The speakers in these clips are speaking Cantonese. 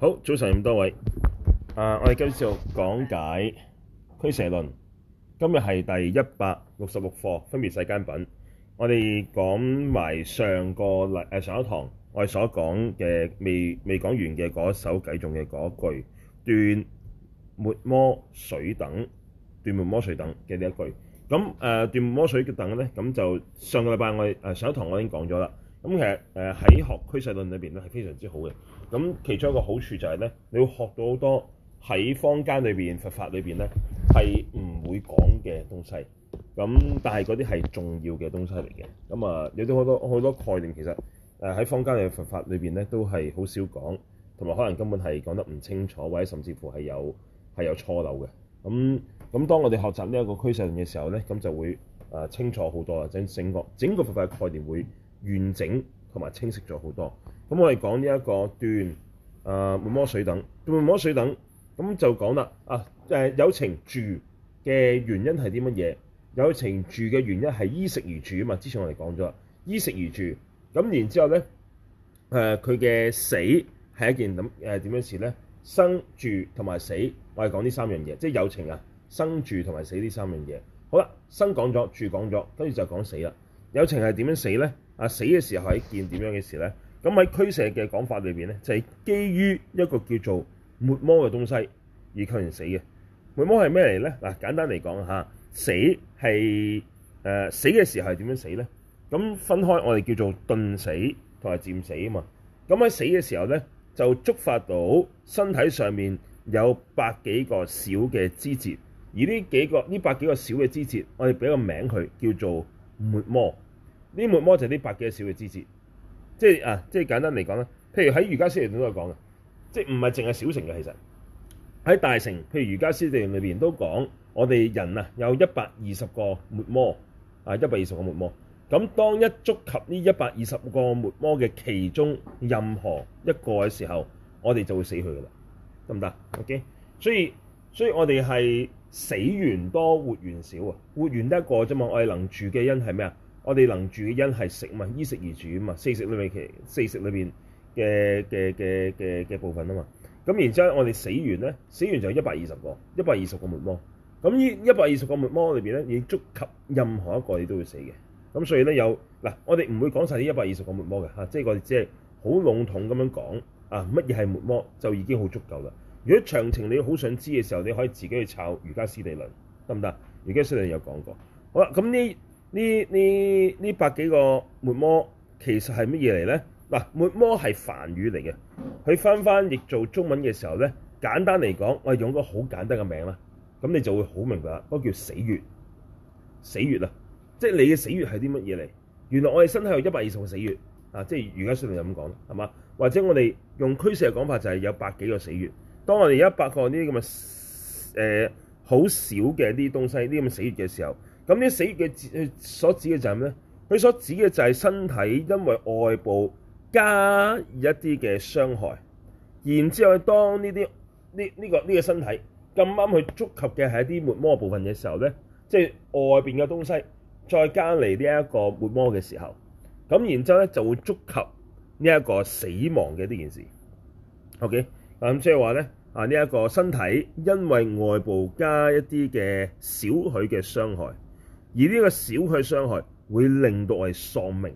好，早晨，咁多位。啊、呃，我哋繼續講解俱舍論。今日係第一百六十六課，分別世間品。我哋講埋上個禮，誒、呃，上一堂我哋所講嘅未未講完嘅嗰首偈，中嘅嗰句斷末摩水等，斷末摩水等嘅呢一句。咁誒、呃，斷末摩水嘅等咧，咁就上個禮拜我哋誒、呃、上一堂我已經講咗啦。咁其實誒喺、呃、學俱舍論裏邊咧，係非常之好嘅。咁其中一個好處就係咧，你會學到好多喺坊間裏邊佛法裏邊咧係唔會講嘅東西。咁但係嗰啲係重要嘅東西嚟嘅。咁啊，有啲好多好多概念其實誒喺坊間嘅佛法裏邊咧都係好少講，同埋可能根本係講得唔清楚，或者甚至乎係有係有錯漏嘅。咁咁當我哋學習呢一個俱舍嘅時候咧，咁就會誒、呃、清楚好多，或者整個整個佛法嘅概念會完整同埋清晰咗好多。咁我哋講呢一個段，啊、呃，末摩水等，末摩水等咁就講啦。啊，有、就是、情住嘅原因係啲乜嘢？有情住嘅原因係衣食而住啊嘛。之前我哋講咗啦，衣食而住。咁然之後咧，佢、呃、嘅死係一件咁點、呃、樣事咧？生住同埋死，我係講呢三樣嘢，即係有情啊。生住同埋死呢三樣嘢。好啦，生講咗，住講咗，跟住就講死啦。有情係點樣死咧？啊，死嘅時候係一件點樣嘅事咧？咁喺俱舍嘅講法裏邊咧，就係、是、基於一個叫做末摩嘅東西而吸引死嘅。末摩係咩嚟咧？嗱，簡單嚟講嚇，死係誒、呃、死嘅時候係點樣死咧？咁分開我哋叫做頓死同埋漸死啊嘛。咁喺死嘅時候咧，就觸發到身體上面有百幾個小嘅支節，而呢幾個呢百幾個小嘅支節，我哋俾個名佢叫做末摩。呢末摩就係呢百幾個小嘅支節。即係啊，即係簡單嚟講咧，譬如喺瑜伽師地論都有講嘅，即係唔係淨係小城嘅，其實喺大城，譬如瑜伽師地論裏面都講，我哋人啊有一百二十個末摩啊，一百二十個末摩，咁當一觸及呢一百二十個末摩嘅其中任何一個嘅時候，我哋就會死去㗎啦，得唔得？OK，所以所以我哋係死緣多活緣少啊，活緣得一個啫嘛，我哋能住嘅因係咩啊？我哋能住嘅因係食啊嘛，衣食而住啊嘛，四食裏面其四食裏邊嘅嘅嘅嘅嘅部分啊嘛。咁然之後我哋死完咧，死完就一百二十個，一百二十個末摩。咁呢一百二十個末摩裏邊咧，已經觸及任何一個你都會死嘅。咁所以咧有嗱，我哋唔會講晒呢一百二十個末摩嘅嚇、啊，即係我哋即係好籠統咁樣講啊，乜嘢係末摩，就已經好足夠啦。如果詳情你好想知嘅時候，你可以自己去查瑜伽師地論得唔得？瑜伽師地有講過。好啦，咁呢？呢呢呢百幾個末摩其實係乜嘢嚟咧？嗱，末摩係梵語嚟嘅，佢翻翻譯做中文嘅時候咧，簡單嚟講，我用個好簡單嘅名啦，咁你就會好明白啦。嗰叫死穴，死穴啦，即係你嘅死穴係啲乜嘢嚟？原來我哋身體有一百二十個死穴，啊，即係而家書定就咁講啦，係嘛？或者我哋用俱舍嘅講法就係有百幾個死穴。當我哋一百個呢啲咁嘅誒好少嘅啲東西，呢啲咁嘅死穴嘅時候。咁呢啲死嘅，所指嘅就係咩咧？佢所指嘅就係身體，因為外部加一啲嘅傷害，然之後當呢啲呢呢個呢、這個這個身體咁啱去觸及嘅係一啲末摩部分嘅時候咧，即係外邊嘅東西再加嚟呢一個末摩嘅時候，咁然之後咧就會觸及呢一個死亡嘅、OK？呢件事。OK，咁即係話咧啊，呢、這、一個身體因為外部加一啲嘅少許嘅傷害。而呢個小嘅傷害，會令到我哋喪命。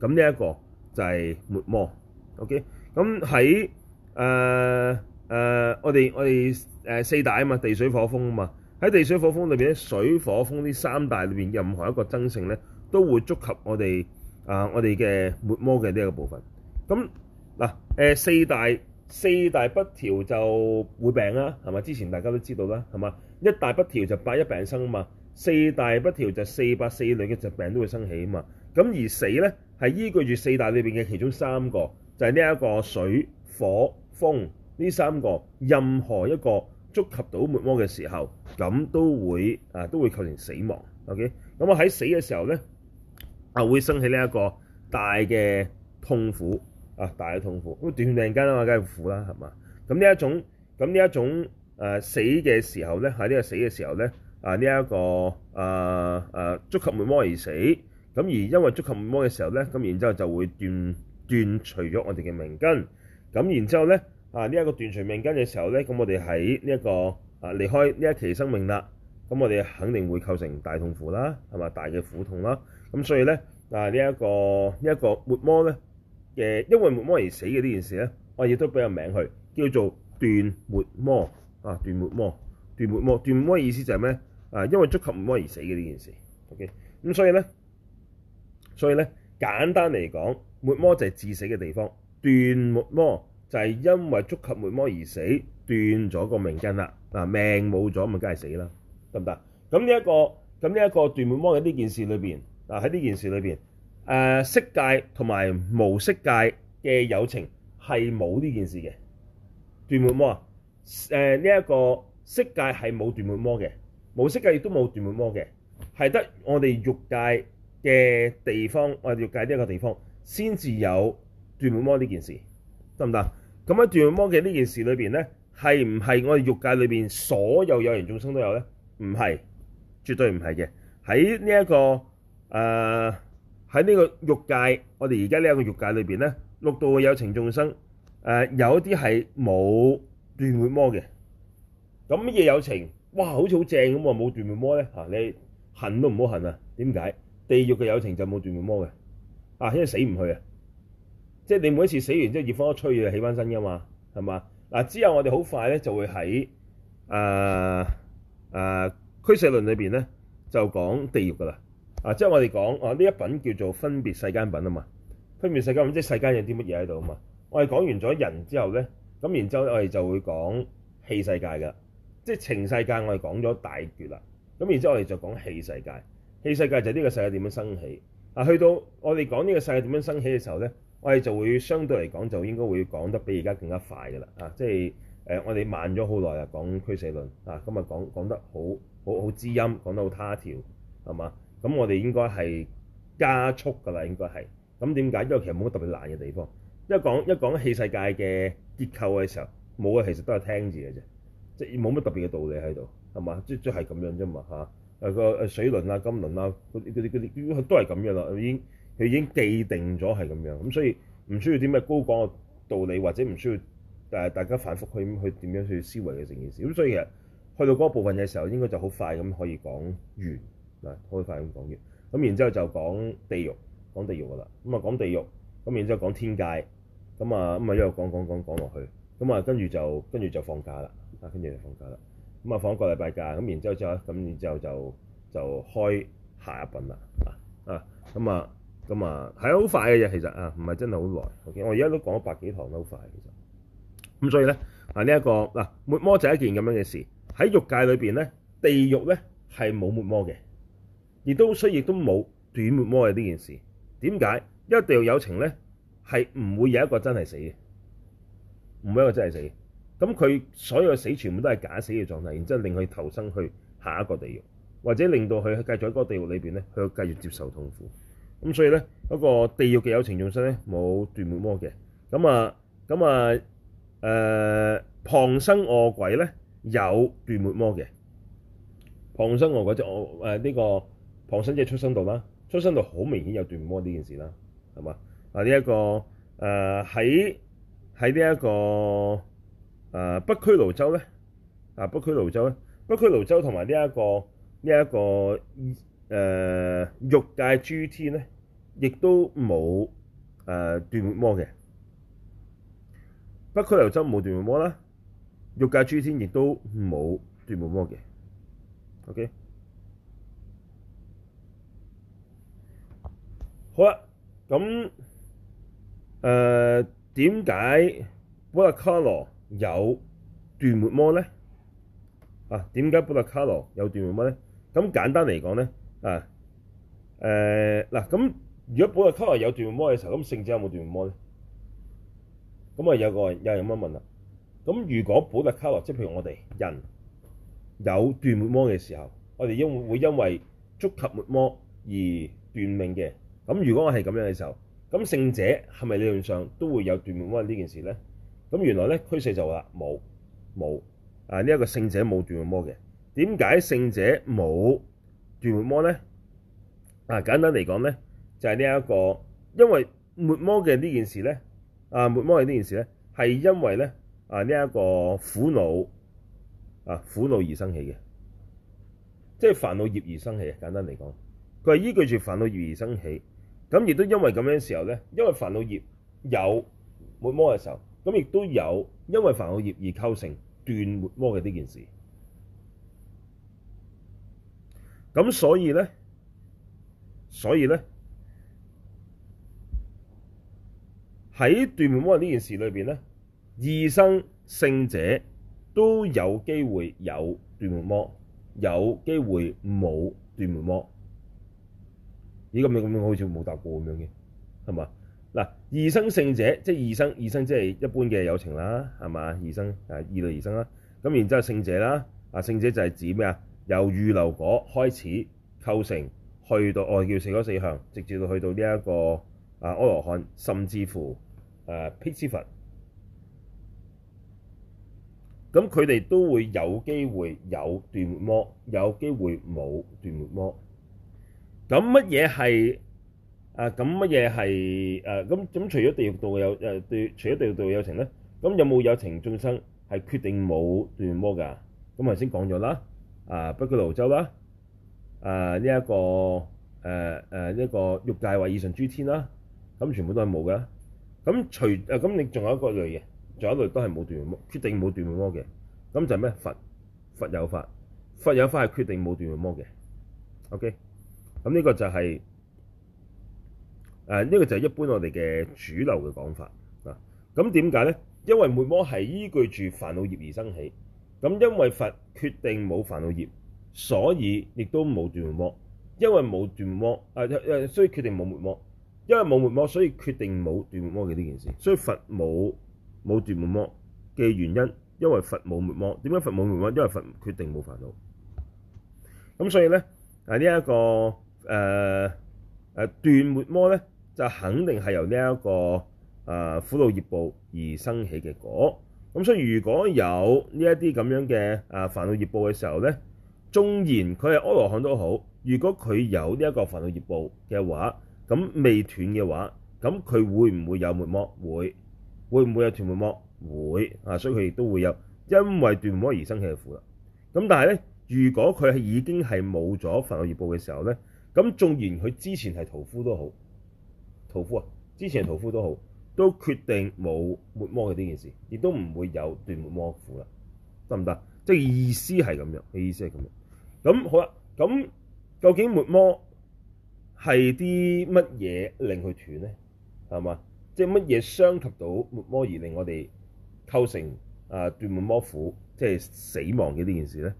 咁呢一個就係末摩。OK，咁喺誒誒，我哋我哋誒四大啊嘛，地水火風啊嘛。喺地水火風裏邊咧，水火風呢三大裏邊任何一個增盛咧，都會觸及我哋啊、呃、我哋嘅末摩嘅呢一個部分。咁嗱誒四大四大不調就會病啦、啊，係嘛？之前大家都知道啦，係嘛？一大不調就百一病生啊嘛。四大不調就是，四百四類嘅疾病都會生起啊嘛，咁而死咧係依據住四大裏邊嘅其中三個，就係呢一個水、火、風呢三個，任何一個觸及到末摩嘅時候，咁都會啊都會構成死亡。O K，咁我喺死嘅時候咧啊會生起呢一個大嘅痛苦啊大嘅痛苦，斷命根啊嘛，梗係苦啦，係嘛？咁呢一種咁呢一種誒死嘅時候咧，喺呢個死嘅時候咧。啊呢一個啊啊觸及末摩而死，咁而因為觸及末摩嘅時候咧，咁然之後就會斷斷除咗我哋嘅命根，咁然之後咧啊呢一個斷除命根嘅時候咧，咁我哋喺呢一個啊離開呢一期生命啦，咁我哋肯定會構成大痛苦啦，係嘛大嘅苦痛啦，咁所以咧啊、這個這個、魔呢一個呢一個末摩咧嘅因為末摩而死嘅呢件事咧，我亦都俾個名佢叫做斷末摩啊斷末摩斷末摩斷末摩嘅意思就係咩？啊，因為觸及末摩而死嘅呢件事，OK 咁，所以咧，所以咧，簡單嚟講，末摩就係致死嘅地方，斷末摩就係因為觸及末摩而死，斷咗個命根啦，嗱命冇咗，咪梗係死啦，得唔得？咁呢一個咁呢一個斷末摩喺呢件事裏邊，啊喺呢件事裏邊，誒、呃、色界同埋無色界嘅有情係冇呢件事嘅斷末摩啊，誒呢一個色界係冇斷末摩嘅。無色界亦都冇斷末摩嘅，係得我哋欲界嘅地方，我哋欲界呢一個地方先至有斷末摩呢件事，得唔得？咁喺斷末摩嘅呢件事裏邊咧，係唔係我哋欲界裏邊所有有情眾生都有咧？唔係，絕對唔係嘅。喺呢一個誒，喺呢個欲界，我哋而家呢一個欲界裏邊咧，六道嘅有情眾生誒，有一啲係冇斷末摩嘅。咁乜嘢有情？哇，好似好正咁啊！冇斷末摩咧，你恨都唔好恨啊！點解？地獄嘅有情就冇斷末摩嘅啊，因為死唔去啊！即係你每一次死完之後，熱風一吹起翻身噶嘛，係嘛？嗱、啊，之後我哋好快咧就會喺誒誒俱舍論裏面咧就講地獄噶啦啊！即係我哋講啊，呢一品叫做分別世間品啊嘛，分別世間品即係世間有啲乜嘢喺度啊嘛。我哋講完咗人之後咧，咁然後之後我哋就會講器世界噶。即係情世界，我哋講咗大結啦。咁然之後，我哋就講器世界。器世界就呢個世界點樣生起？去到我哋講呢個世界點樣生起嘅時候呢，我哋就會相對嚟講，就應該會講得比而家更加快噶啦。啊，即係，呃，我哋慢咗好耐啊，講俱舍論啊，咁啊，講講得好好好知音，講得好他條，係嘛？咁我哋應該係加速噶啦，應該係。咁點解？因為其實冇乜特別難嘅地方。一講一講器世界嘅結構嘅時候，冇嘅其實都係聽住嘅啫。即係冇乜特別嘅道理喺度，係嘛？即即係咁樣啫嘛嚇。誒個誒水輪啦、啊、金輪啦、啊，啲啲都係咁樣啦。已經佢已經既定咗係咁樣咁，所以唔需要啲咩高廣嘅道理，或者唔需要誒大家反覆去去點樣去思維嘅成件事咁。所以其實去到嗰部分嘅時候，應該就好快咁可以講完嗱，好快咁講完咁，然之後就講地獄，講地獄噶啦咁啊，講地獄咁，然之後講天界咁啊，咁啊一路講講講講落去咁啊，跟住就跟住就放假啦。啊，跟住就放假啦。咁啊，放一個禮拜假，咁然之後就，咁然之後就，就開下一品啦。啊，咁啊，咁啊，係好快嘅嘢，其實啊，唔係真係好耐。我而家都講咗百幾堂，都好快。其實，咁、啊 okay? 所以咧，啊呢一、這個，嗱、啊，末摩就係一件咁樣嘅事。喺欲界裏邊咧，地獄咧係冇末摩嘅，亦都雖亦都冇斷末摩嘅呢件事。點解？因為地獄有情咧，係唔會有一個真係死嘅，唔會有一個真係死嘅咁佢所有嘅死全部都係假死嘅狀態，然之後令佢投生去下一個地獄，或者令到佢繼續喺嗰個地獄裏邊咧，佢繼續接受痛苦。咁所以咧嗰、那個地獄嘅有情眾生咧，冇斷末摩嘅。咁啊，咁啊，誒、呃、旁生餓鬼咧有斷末摩嘅，旁生餓鬼就我誒呢個旁生即係出生道啦，出生道好明顯有斷末摩呢件事啦，係嘛？啊呢一個誒喺喺呢一個。呃啊，北區拘盧洲咧，啊，北區拘盧洲咧，北區拘盧洲同埋呢一個呢一、這個誒欲界諸天咧，亦都冇誒斷末摩嘅。北區拘盧洲冇斷末摩啦，欲界諸天亦都冇、呃、斷末摩嘅。OK，好啦，咁誒點解 What a color？有斷末摩咧啊？點解補特伽羅有斷末摩咧？咁簡單嚟講咧啊誒嗱，咁如果補特伽羅有斷末摩嘅時候，咁聖者有冇斷末摩咧？咁啊有個有人問問啦，咁如果補特伽羅即係譬如我哋人有斷末摩嘅時候，我哋因會因為觸及末摩而斷命嘅。咁如果我係咁樣嘅時候，咁聖者係咪理論上都會有斷末摩呢件事咧？咁原來咧，俱舍就話冇冇啊！這個、性性呢一個聖者冇斷末摩嘅，點解聖者冇斷末摩咧？啊，簡單嚟講咧，就係呢一個因為末摩嘅呢件事咧，啊，末摩嘅呢件事咧，係因為咧啊呢一、這個苦惱啊苦惱而生起嘅，即係煩惱業而生起嘅。簡單嚟講佢係依據住煩惱業而生起咁，亦都因為咁樣時候咧，因為煩惱業有末摩嘅時候。咁亦都有，因為凡我業而構成斷末摩嘅呢件事。咁所以咧，所以咧，喺斷末摩呢件事裏邊咧，異生聖者都有機會有斷末摩，有機會冇斷末摩。咦？咁樣咁樣好似冇答過咁樣嘅，係嘛？嗱，異生聖者即係異生，異生即係一般嘅有情啦，係嘛？異生啊，二類異生啦。咁然之後聖者啦，啊聖者就係指咩啊？由預流果開始構成，去到哦叫四果四向，直至到去到呢、這、一個啊阿羅漢，甚至乎誒辟支佛。咁佢哋都會有機會有斷末摩，有機會冇斷末摩。咁乜嘢係？啊咁乜嘢係？誒咁咁除咗地獄道有誒、啊、對，除咗地獄道有情咧，咁有冇有，有情眾生係決定冇斷末摩噶？咁頭先講咗啦，啊北拘盧洲啦，啊呢一、這個誒誒呢個欲界或以上諸天啦，咁全部都係冇嘅。咁除誒咁、啊、你仲有一個類嘅，仲有一類都係冇斷末摩，決定冇斷末摩嘅。咁就係咩？佛佛有法，佛有法係決定冇斷末摩嘅。OK，咁呢個就係、是。誒、這、呢個就係一般我哋嘅主流嘅講法啊！咁點解咧？因為末摩係依據住煩惱業而生起，咁因為佛決定冇煩惱業，所以亦都冇斷末摩。因為冇斷末摩，誒誒，所以決定冇末摩。因為冇末摩，所以決定冇斷末摩嘅呢件事。所以佛冇冇斷末摩嘅原因，因為佛冇末摩。點解佛冇末摩？因為佛決定冇煩惱。咁所以咧，誒、這個呃、呢一個誒誒斷末摩咧。就肯定係由呢一個啊苦惱業報而生起嘅果。咁所以如果有呢一啲咁樣嘅啊煩惱業報嘅時候咧，縱然佢係阿羅漢都好，如果佢有呢一個煩惱業報嘅話，咁未斷嘅話，咁佢會唔會有末摩？會，會唔會有斷末摩？會啊，所以佢亦都會有，因為斷末摩而生起嘅苦啦。咁但係咧，如果佢係已經係冇咗煩惱業報嘅時候咧，咁縱然佢之前係屠夫都好。屠夫啊！之前屠夫都好，都決定冇末摩嘅呢件事，亦都唔會有斷末摩苦啦。得唔得？即係意思係咁樣，嘅意思係咁樣。咁好啦，咁究竟末摩係啲乜嘢令佢斷咧？係嘛？即係乜嘢傷及到末摩而令我哋構成啊斷末摩苦，即係死亡嘅呢件事咧？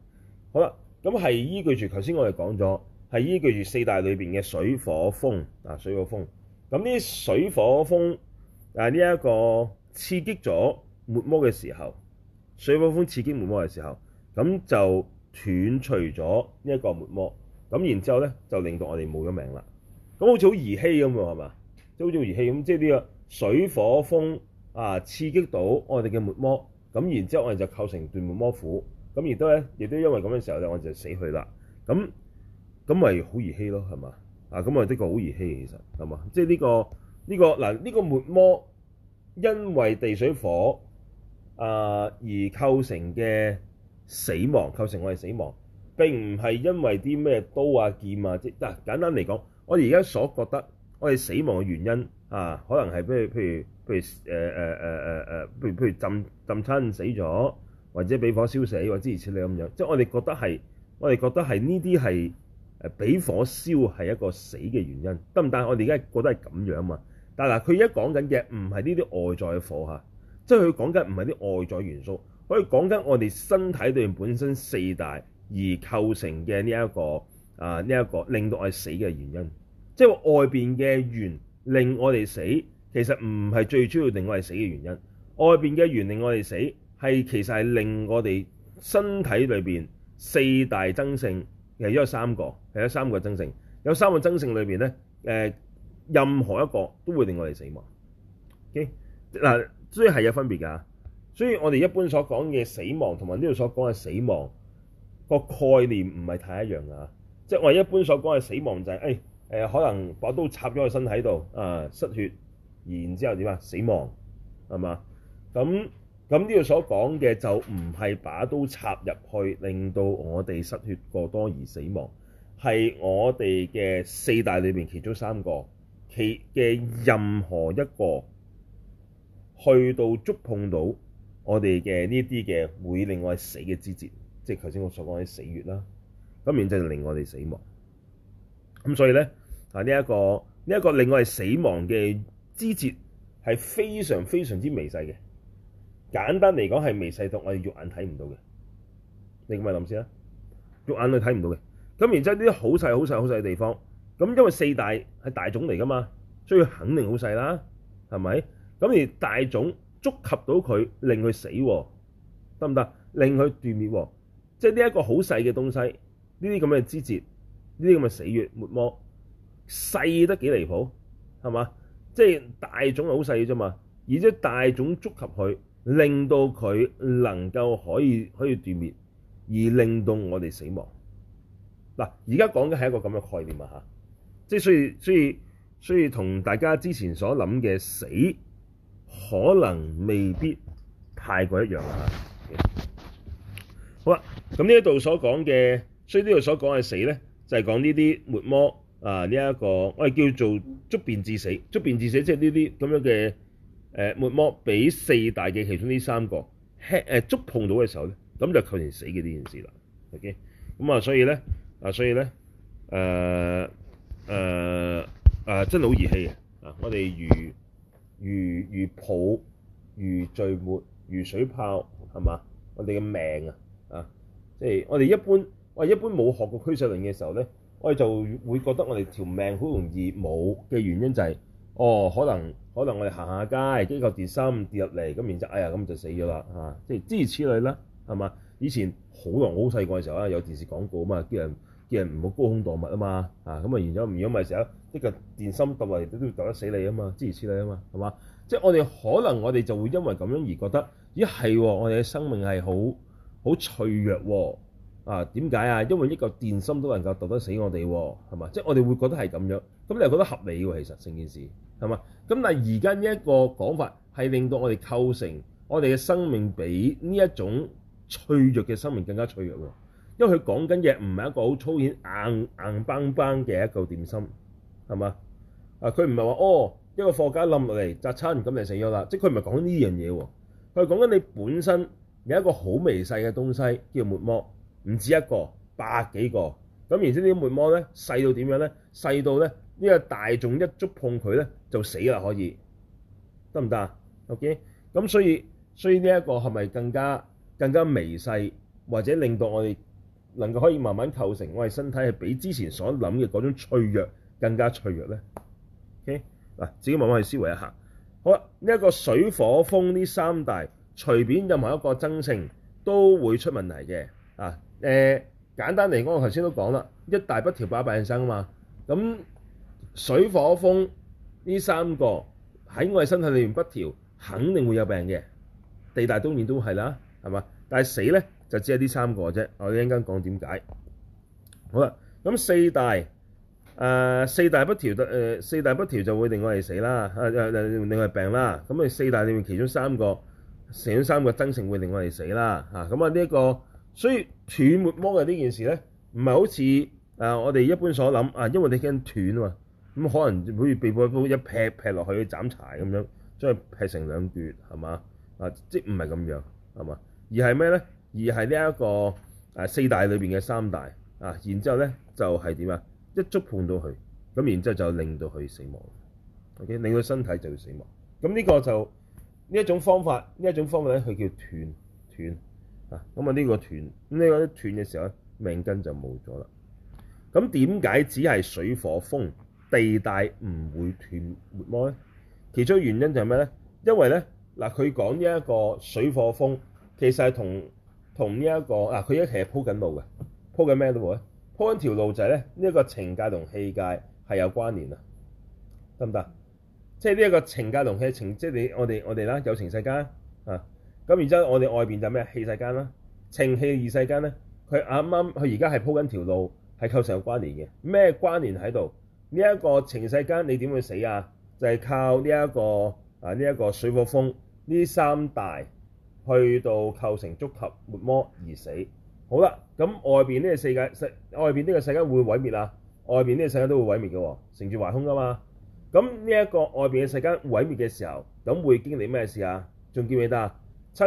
好啦，咁係依據住頭先我哋講咗，係依據住四大裏邊嘅水火風啊，水火風。咁啲水火風啊，呢、這、一個刺激咗末摩嘅時候，水火風刺激末摩嘅時候，咁就斷除咗呢一個末摩，咁然之後咧就令到我哋冇咗命啦。咁好似好兒戲咁喎，係嘛？即好似好兒戲咁，即係呢個水火風啊刺激到我哋嘅末摩，咁然之後我哋就構成斷末摩苦，咁亦都咧亦都因為咁嘅時候咧，我就死去啦。咁咁咪好兒戲咯，係嘛？啊，咁哋的確好兒戲其實，係、嗯、嘛？即係呢、這個呢、這個嗱，呢、這個滅魔，因為地水火啊、呃、而構成嘅死亡，構成我哋死亡，並唔係因為啲咩刀啊劍啊即嗱、啊、簡單嚟講，我而家所覺得我哋死亡嘅原因啊，可能係譬如譬如譬如誒誒誒誒誒，譬、呃呃呃呃、如譬如浸浸親死咗，或者俾火燒死，或者如此類咁樣，即係我哋覺得係我哋覺得係呢啲係。誒俾火燒係一個死嘅原因，得唔得？我哋而家覺得係咁樣嘛？但係佢而家講緊嘅唔係呢啲外在嘅火嚇，即係佢講緊唔係啲外在元素，可以講緊我哋身體裏面本身四大而構成嘅呢一個啊呢一個令到我哋死嘅原因，即係外邊嘅緣令我哋死，其實唔係最主要令我哋死嘅原因。外邊嘅緣令我哋死，係其實係令我哋身體裏邊四大增盛。其實有三個，係有三個增盛，有三個增盛裏邊咧，誒，任何一個都會令我哋死亡。嗱，OK？所以係有分別噶，所以我哋一般所講嘅死、死亡，同埋呢度所講嘅死亡，個概念唔係太一樣噶，即係我哋一般所講嘅死亡就係，誒，誒，可能把刀插咗喺身體度，啊，失血，然之後點啊，死亡，係嘛，咁。咁呢度所講嘅就唔係把刀插入去，令到我哋失血過多而死亡，係我哋嘅四大裏面其中三個其嘅任何一個去到觸碰到我哋嘅呢啲嘅會令我係死嘅枝節，即係頭先我所講嘅「死穴」啦，咁然之後令我哋死亡。咁所以咧，啊呢一個呢一個令我係死亡嘅枝節係非常非常之微細嘅。簡單嚟講係微細到我哋肉眼睇唔到嘅，你咁咪諗先啦，肉眼都睇唔到嘅。咁然之後呢啲好細、好細、好細嘅地方，咁因為四大係大種嚟㗎嘛，所以肯定好細啦，係咪？咁而大種觸及到佢，令佢死，得唔得？令佢斷滅喎。即係呢一個好細嘅東西，呢啲咁嘅枝節，呢啲咁嘅死穴末摩，細得幾離譜？係嘛？即係大種好細嘅啫嘛，而且大種觸及佢。令到佢能夠可以可以斷滅，而令到我哋死亡。嗱，而家講嘅係一個咁嘅概念啊，吓，即係所以所以所以，所以同大家之前所諗嘅死，可能未必太過一樣吓，好啦，咁呢一度所講嘅，所以呢度所講嘅死咧，就係講呢啲末摩啊呢一、這個，我哋叫做觸便，便致死、觸便致死，即係呢啲咁樣嘅。誒，末摩俾四大嘅其中呢三個輕，誒，觸碰到嘅時候咧，咁就構成死嘅呢件事啦。OK，咁啊，所以咧啊，所以咧，誒誒誒真係好兒戲啊！啊，我哋如如如抱如聚沫、如水泡係嘛？我哋嘅命啊啊，即係我哋一般我一般冇學過俱舍論嘅時候咧，我哋就會覺得我哋條命好容易冇嘅原因就係哦可能。可能我哋行下街，一嚿電芯跌入嚟，咁然之後，哎呀，咁就死咗啦，嚇！即係諸如此類啦，係嘛？以前好耐好細個嘅時候咧，有電視廣告啊嘛，叫人叫人唔好高空墮物啊嘛，嚇！咁啊，然之後唔如果咪成日一嚿電芯跌落嚟，都要跌得死你啊嘛，諸如此類啊嘛，係嘛？即係我哋可能我哋就會因為咁樣而覺得，咦、哎、係喎，我哋嘅生命係好好脆弱喎。啊，點解啊？因為一嚿電芯都能夠毒得死我哋，係嘛？即係我哋會覺得係咁樣，咁你又覺得合理喎？其實成件事係嘛？咁但係而家呢一個講法係令到我哋構成我哋嘅生命比呢一種脆弱嘅生命更加脆弱喎。因為佢講緊嘅唔係一個好粗顯硬硬邦邦嘅一嚿電芯，係嘛？啊，佢唔係話哦一個貨架冧落嚟砸親咁就死咗啦，即係佢唔係講呢樣嘢喎。佢講緊你本身有一個好微細嘅東西叫末摩。唔止一個，百幾個咁，而且啲末摩咧細到點樣咧？細到咧呢個大眾一觸碰佢咧就死啦，可以得唔得啊？OK，咁所以所以呢一個係咪更加更加微細，或者令到我哋能夠可以慢慢構成我哋身體係比之前所諗嘅嗰種脆弱更加脆弱咧？OK，嗱，自己慢慢去思維一下。好啦，呢一個水火風呢三大，隨便任何一個增盛都會出問題嘅啊！啊、簡單嚟講，我頭先都講啦，一大不調百病生啊嘛。咁水火風呢三個喺我哋身體裏面不調，肯定會有病嘅。地大東面都係啦，係嘛？但係死咧就只有呢三個啫。我一陣間講點解。好啦，咁四大、呃、四大不調、呃、四大不調就會令我哋死啦，另外病啦。咁四大裏面其中三個死咗，三個增盛會令我哋死啦。咁啊呢一、嗯這個。所以斷末摩嘅呢件事咧，唔係好似誒、啊、我哋一般所諗啊，因為你驚斷嘛，咁、啊嗯、可能好似被斧一,一,一劈劈落去斬柴咁樣，將佢劈成兩段係嘛？啊，即唔係咁樣係嘛？而係咩咧？而係呢一個誒、啊、四大裏邊嘅三大啊，然之後咧就係點啊？一觸碰到佢，咁然之後就令到佢死亡。O、okay? K，令到身體就要死亡。咁呢個就呢一種方法，呢一種方法咧，佢叫斷斷。咁啊呢個斷呢個斷嘅時候咧，命根就冇咗啦。咁點解只係水火風，地大唔會斷末摩咧？其中原因就係咩咧？因為咧嗱，佢講呢一個水火風，其實係同同呢一個啊佢而家其實鋪緊路嘅，鋪緊咩路咧？鋪緊條路就係咧，呢一個情界同器界係有關聯啊，得唔得？即係呢一個情界同氣情，即係你我哋我哋啦，有情世界啊。咁然之後，我哋外邊就咩器世間啦，情器二世間咧，佢啱啱佢而家係鋪緊條路，係構成有關聯嘅。咩關聯喺度？呢、這、一個情世間，你點會死、就是這個、啊？就係靠呢一個啊，呢一個水火風呢三大去到構成觸合末摩而死。好啦，咁、嗯、外邊呢個世界世外邊呢個世界會毀滅啊？外邊呢個世界都會毀滅嘅，成住壞空啊嘛。咁呢一個外邊嘅世界毀滅嘅時候，咁會經歷咩事啊？仲記唔記得啊？七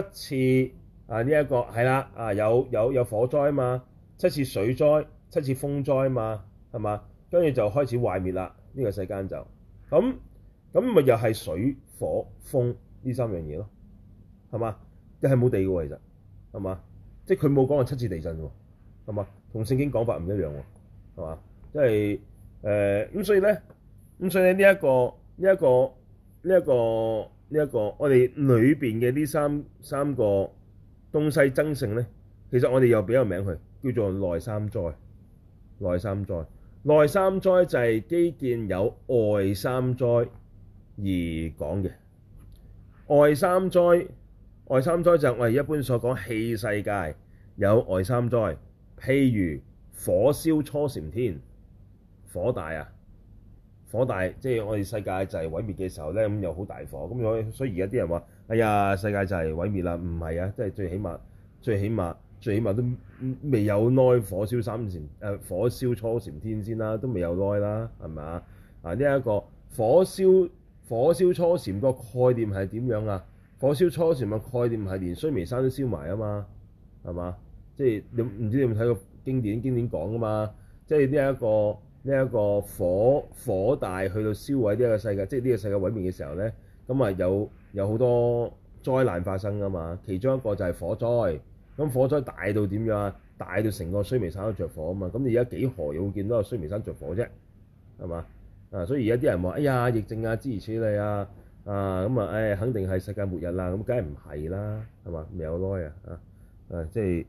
次啊！呢、這、一個係啦，啊有有有火災嘛，七次水災，七次風災嘛，係嘛？跟住就開始壞滅啦，呢、這個世間就咁咁咪又係水火風呢三樣嘢咯，係嘛？即係冇地嘅喎，其實係嘛？即係佢冇講過七次地震喎，係嘛？同聖經講法唔一樣喎，係嘛？即係誒咁所以咧，咁、呃、所以呢一、這個呢一、這個呢一、這個呢、這、一個我哋裏邊嘅呢三三個東西增盛呢，其實我哋又俾個名佢，叫做內三災。內三災，內三災就係基建有外三災而講嘅。外三災，外三災就係我哋一般所講器世界有外三災，譬如火燒初禪天，火大啊！.火大，即係我哋世界就係毀滅嘅時候咧，咁又好大火，咁所所以而家啲人話：，哎呀，世界就係毀滅啦，唔係啊，即係最起碼，最起碼，最起碼都未有耐火燒三禪，誒，火燒初禪天先啦，都未有耐啦，係咪啊？啊，呢一個火燒火燒初禪個概念係點樣啊？火燒初禪嘅概念係連須彌山都燒埋啊嘛，係嘛？即係你唔知你有冇睇過經典？經典講㗎嘛，即係呢一個。呢、這、一個火火大去到燒毀呢一個世界，即係呢個世界毀滅嘅時候咧，咁啊有有好多災難發生噶嘛。其中一個就係火災，咁火災大到點樣啊？大到成個須彌山都着火啊嘛。咁你而家幾何有見到個須彌山着火啫？係嘛？啊，所以而家啲人話：，哎呀，疫症啊，諸如此類啊，啊咁啊，唉、嗯哎，肯定係世界末日，啊嗯、唔係啦。咁梗係唔係啦？係嘛？未有耐啊，啊，誒，即係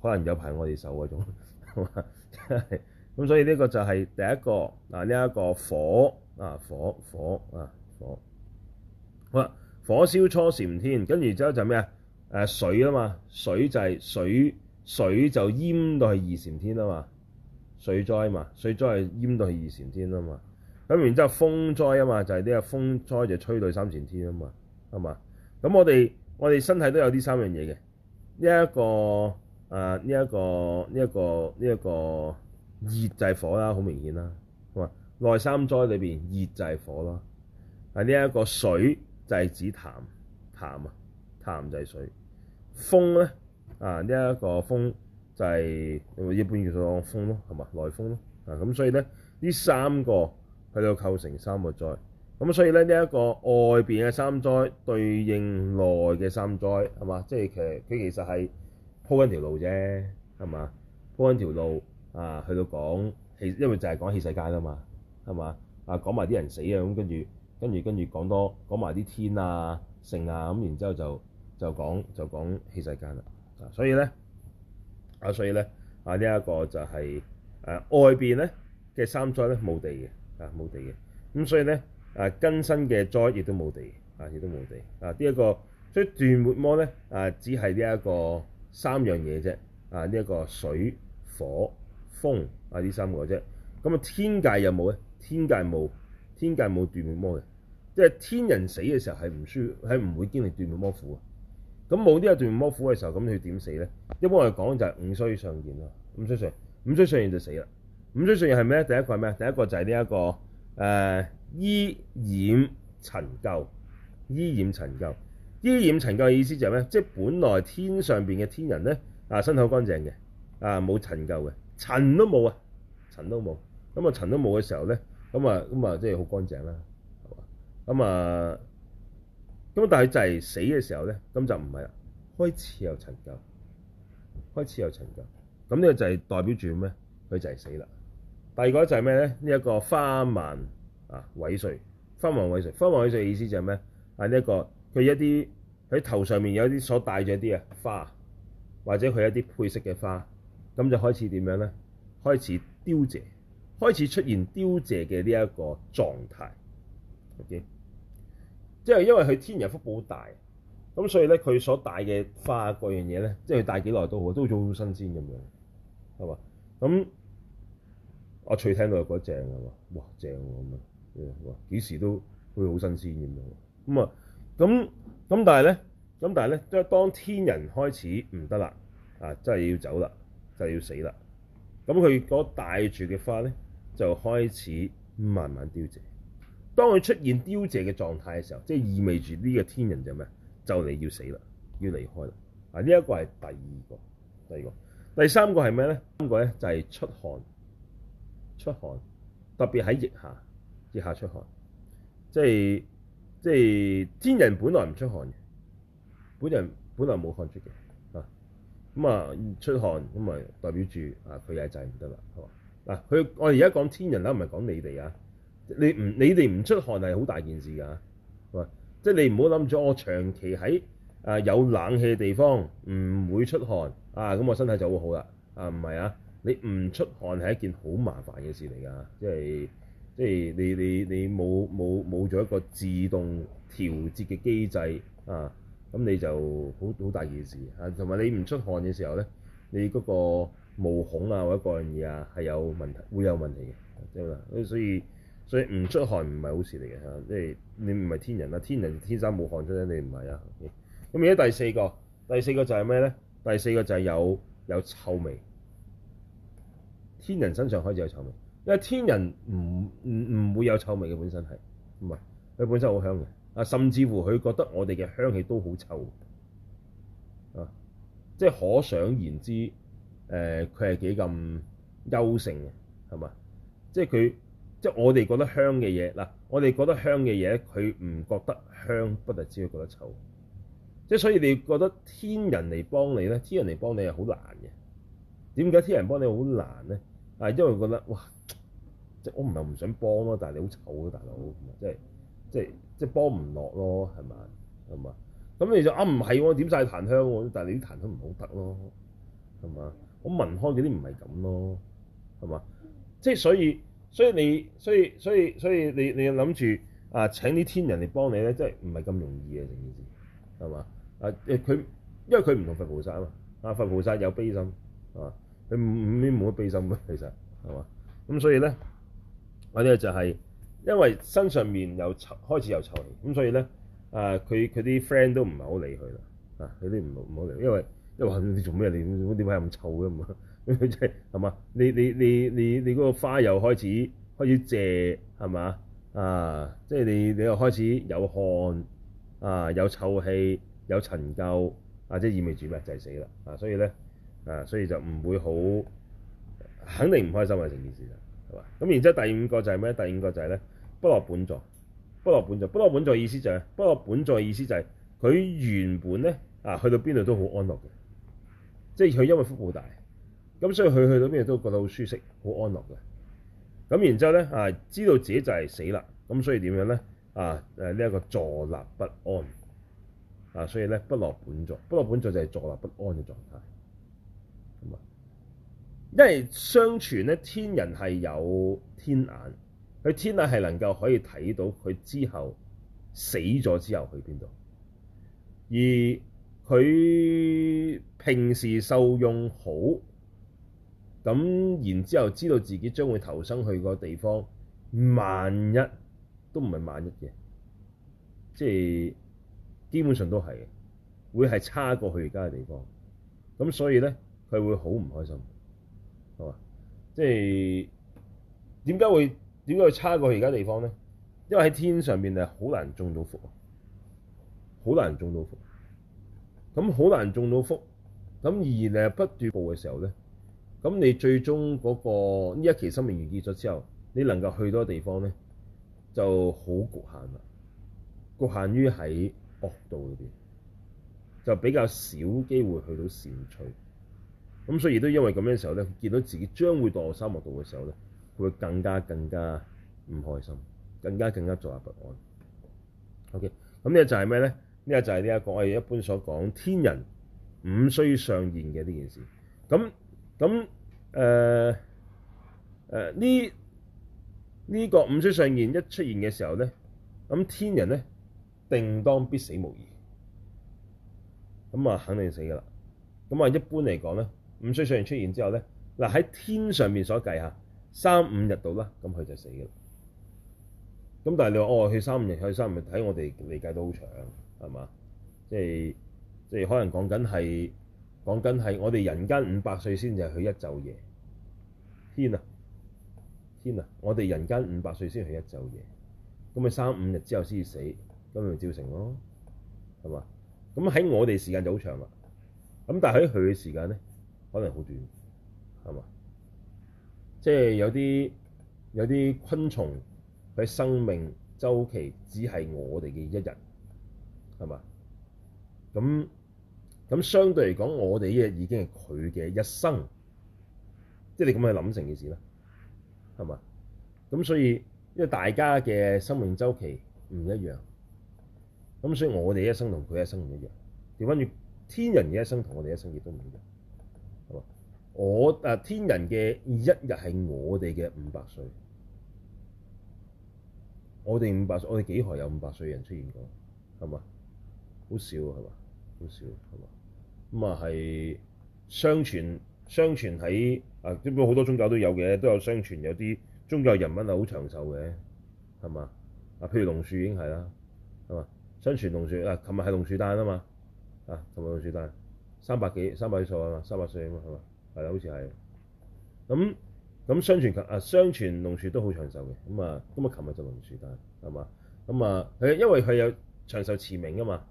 可能有排我哋受嗰種，係嘛？真係。咁所以呢個就係第一個啊呢一個火啊，火火啊，火好啦，火燒初禪天，跟住之後就咩啊？誒，水啊嘛，水就係水水就淹到係二禪天啊嘛，水災嘛，水災淹到係二禪天啊嘛。咁然之後風災啊嘛，就係呢個風災就吹到三禪天啊嘛，係嘛？咁我哋我哋身體都有呢三樣嘢嘅呢一個誒，呢一個呢一個呢一個。啊這個這個這個熱就係火啦，好明顯啦。佢話內三災裏邊熱就係火啦，喺呢一個水就係指痰，痰啊，痰就係水，風咧啊，呢一個風就係一般叫做風咯，係嘛，內風咯啊。咁所以咧，呢三個去到構成三個災，咁所以咧，呢一個外邊嘅三災對應內嘅三災係嘛，即係其實佢其實係鋪緊條路啫，係嘛，鋪緊條路。啊，去到講器，因為就係講器世間啦嘛，係嘛？啊，講埋啲人死啊，咁跟住跟住跟住講多講埋啲天啊、聖啊，咁然之後就就，就講就講器世間啦。啊，所以咧啊，所以咧啊，呢、這、一個就係、是、誒、啊、外邊咧嘅三災咧冇地嘅啊，冇地嘅咁、啊，所以咧啊，根身嘅災亦都冇地啊，亦都冇地啊。呢、這、一個所以斷末摩咧啊，只係呢一個三樣嘢啫啊，呢、這、一個水火。風啊！呢三個啫，咁啊，天界有冇咧？天界冇，天界冇斷末摩嘅，即係天人死嘅時候係唔舒係唔會經歷斷末摩苦嘅。咁冇呢個斷末摩苦嘅時候，咁佢點死咧？一般我哋講就係五衰相現咯。五衰相，五衰相現就死啦。五衰相現係咩？第一個係咩？第一個就係呢一個誒衣、呃、染塵垢，衣染塵垢，衣染塵垢嘅意思就係咩？即係本來天上邊嘅天人咧啊，身口乾淨嘅啊，冇塵垢嘅。塵都冇啊，塵都冇。咁啊，塵都冇嘅時候咧，咁啊，咁啊，即係好乾淨啦，係嘛？咁啊，咁但係就係死嘅時候咧，咁就唔係啦。開始有塵垢，開始有塵垢。咁呢個就係代表住咩？佢就係死啦。第二個就係咩咧？呢、這、一個花鬘啊，萎悴，花鬘萎悴，花鬘萎悴嘅意思就係咩？係、啊、呢、這個、一個佢一啲喺頭上面有啲所帶咗啲啊花，或者佢一啲配色嘅花。咁就開始點樣咧？開始凋謝，開始出現凋謝嘅呢一個狀態。O K，即係因為佢天人福報大，咁所以咧，佢所帶嘅花各樣嘢咧，即係佢帶幾耐都好，都好似好新鮮咁樣，係嘛？咁阿翠聽到又覺得正，係嘛？哇，正喎，咁啊，哇，幾時都會好新鮮咁樣。咁啊，咁咁但係咧，咁但係咧，即係當天人開始唔得啦，啊，真係要走啦。就要死啦！咁佢嗰戴住嘅花咧，就開始慢慢凋謝。當佢出現凋謝嘅狀態嘅時候，即係意味住呢個天人就咩？就嚟要死啦，要離開啦！啊，呢一個係第二個，第二個，第三個係咩咧？三個咧就係、是、出汗，出汗，特別喺腋下，腋下出汗，即係即係天人本來唔出汗嘅，本人本來冇汗出嘅。咁啊出汗，咁啊代表住啊佢又係滯唔得啦。嗱，佢我哋而家講天人啦，唔係講你哋啊。你唔你哋唔出汗係好大件事㗎。喂，即係你唔好諗住我長期喺啊有冷氣嘅地方唔會出汗啊，咁我身體就會好好啦。啊唔係啊，你唔出汗係一件好麻煩嘅事嚟㗎。即係即係你你你冇冇冇咗一個自動調節嘅機制啊！咁你就好好大件事吓，同埋你唔出汗嘅時候咧，你嗰個毛孔啊或者嗰樣嘢啊係有問題，會有問題嘅，所以所以唔出汗唔係好事嚟嘅吓，即係你唔係天人啦，天人天生冇汗出，你唔係啊。咁而家第四個，第四個就係咩咧？第四個就係有有臭味，天人身上開始有臭味，因為天人唔唔唔會有臭味嘅本身係，唔係佢本身好香嘅。啊，甚至乎佢覺得我哋嘅香氣都好臭，啊，即可想而知，誒、呃，佢係幾咁優勝嘅，係嘛？即係佢，即係我哋覺得香嘅嘢嗱，我哋覺得香嘅嘢佢唔覺得香，不但止，佢覺得臭。即係所以你覺得天人嚟幫你咧，天人嚟幫你係好難嘅。點解天人幫你好難咧？啊，因為覺得哇，即係我唔係唔想幫咯，但係你好臭啊，大佬，唔係即係即係即係幫唔落咯，係咪？係嘛？咁你就啊唔係喎，點曬檀香喎、啊，但係你啲檀香唔好得咯，係嘛？咁、嗯、文開佢啲唔係咁咯，係嘛、嗯？即係所以，所以你，所以，所以，所以你你要諗住啊請啲天人嚟幫你咧，即係唔係咁容易嘅成件事，係、啊、嘛？啊，佢因為佢唔同佛菩薩啊嘛，啊佛菩薩有悲心，係嘛？佢唔你冇乜悲心嘅其實，係嘛？咁所以咧，呢、啊、或者就係、是。因為身上面又臭，開始有臭氣，咁所以咧，誒佢佢啲 friend 都唔係好理佢啦，啊，佢啲唔好唔好理，因為因為你做咩你點解咁臭嘅嘛？即係係嘛？你你你你你嗰個花又開始開始謝，係嘛？啊，即係你你又開始有汗啊，有臭氣，有塵垢啊，即係意味住咩？就係死啦！啊，所以咧啊，所以就唔會好肯定唔開心嘅成件事啦，係嘛？咁然之後第五個就係咩？第五個就係咧。不樂本座，不樂本座，不樂本座意思就係、是，不樂本座嘅意思就係、是，佢原本咧啊，去到邊度都好安樂嘅，即係佢因為福報大，咁所以佢去到邊度都覺得好舒適、好安樂嘅。咁然之後咧啊，知道自己就係死啦，咁所以點樣咧啊誒？呢、啊、一、這個坐立不安啊，所以咧不樂本座，不樂本座就係坐立不安嘅狀態。咁啊，因為相傳咧天人係有天眼。佢天眼係能夠可以睇到佢之後死咗之後去邊度，而佢平時受用好咁，然之後知道自己將會投生去個地方，萬一都唔係萬一嘅，即係基本上都係會係差過去而家嘅地方。咁所以咧，佢會好唔開心，係嘛？即係點解會？點解要差過而家地方咧？因為喺天上邊係好難種到福，好難種到福。咁好難種到福，咁而你不斷步嘅時候咧，咁你最終嗰、那個呢一期生命完結咗之後，你能夠去到嘅地方咧，就好局限啦。局限於喺惡道嗰邊，就比較少機會去到善趣。咁所以都因為咁樣嘅時候咧，見到自己將會墮三惡道嘅時候咧。會更加更加唔開心，更加更加坐立不安。OK，咁呢個就係咩咧？呢就係呢一個我哋一般所講天人五衰相現嘅呢件事。咁咁誒誒呢呢個五衰相現一出現嘅時候咧，咁天人咧定當必死無疑，咁啊肯定死噶啦。咁啊，一般嚟講咧，五衰相現出現之後咧，嗱喺天上面所計吓。三五日到啦，咁佢就死嘅啦。咁但係你話哦，去三五日，去三五日睇我哋理解都好長，係嘛？即係即係可能講緊係講緊係我哋人間五百歲先至係一晝夜。天啊天啊！我哋人間五百歲先去一晝夜，咁咪三五日之後先至死，咁咪照成咯，係嘛？咁喺我哋時間就好長啦。咁但係喺佢嘅時間咧，可能好短，係嘛？即係有啲有啲昆蟲，佢生命周期只係我哋嘅一日，係嘛？咁，咁相對嚟講，我哋呢日已經係佢嘅一生，即係你咁樣諗成件事啦，係嘛？咁所以因為大家嘅生命周期唔一樣，咁所以我哋一生同佢一生唔一樣，調翻轉天人嘅一生同我哋一生亦都唔一樣。我啊，天人嘅一日係我哋嘅五百歲。我哋五百歲，我哋幾何有五百歲人出現過？係嘛，好少係嘛，好少係嘛。咁啊，係相傳相傳喺啊，不過好多宗教都有嘅，都有相傳有啲宗教人物係好長壽嘅，係嘛？啊，譬如龍樹已經係啦，係嘛？相傳龍樹啊，琴日係龍樹丹啊嘛，啊，琴日龍樹丹，啊、龍樹丹三百幾三百歲係嘛？三百歲啊嘛係嘛？係啊，好似係。咁咁相傳啊，相傳龍樹都好長壽嘅。咁啊，咁啊，琴日就龍樹但係係嘛？咁啊，因為佢有長壽慈名啊嘛。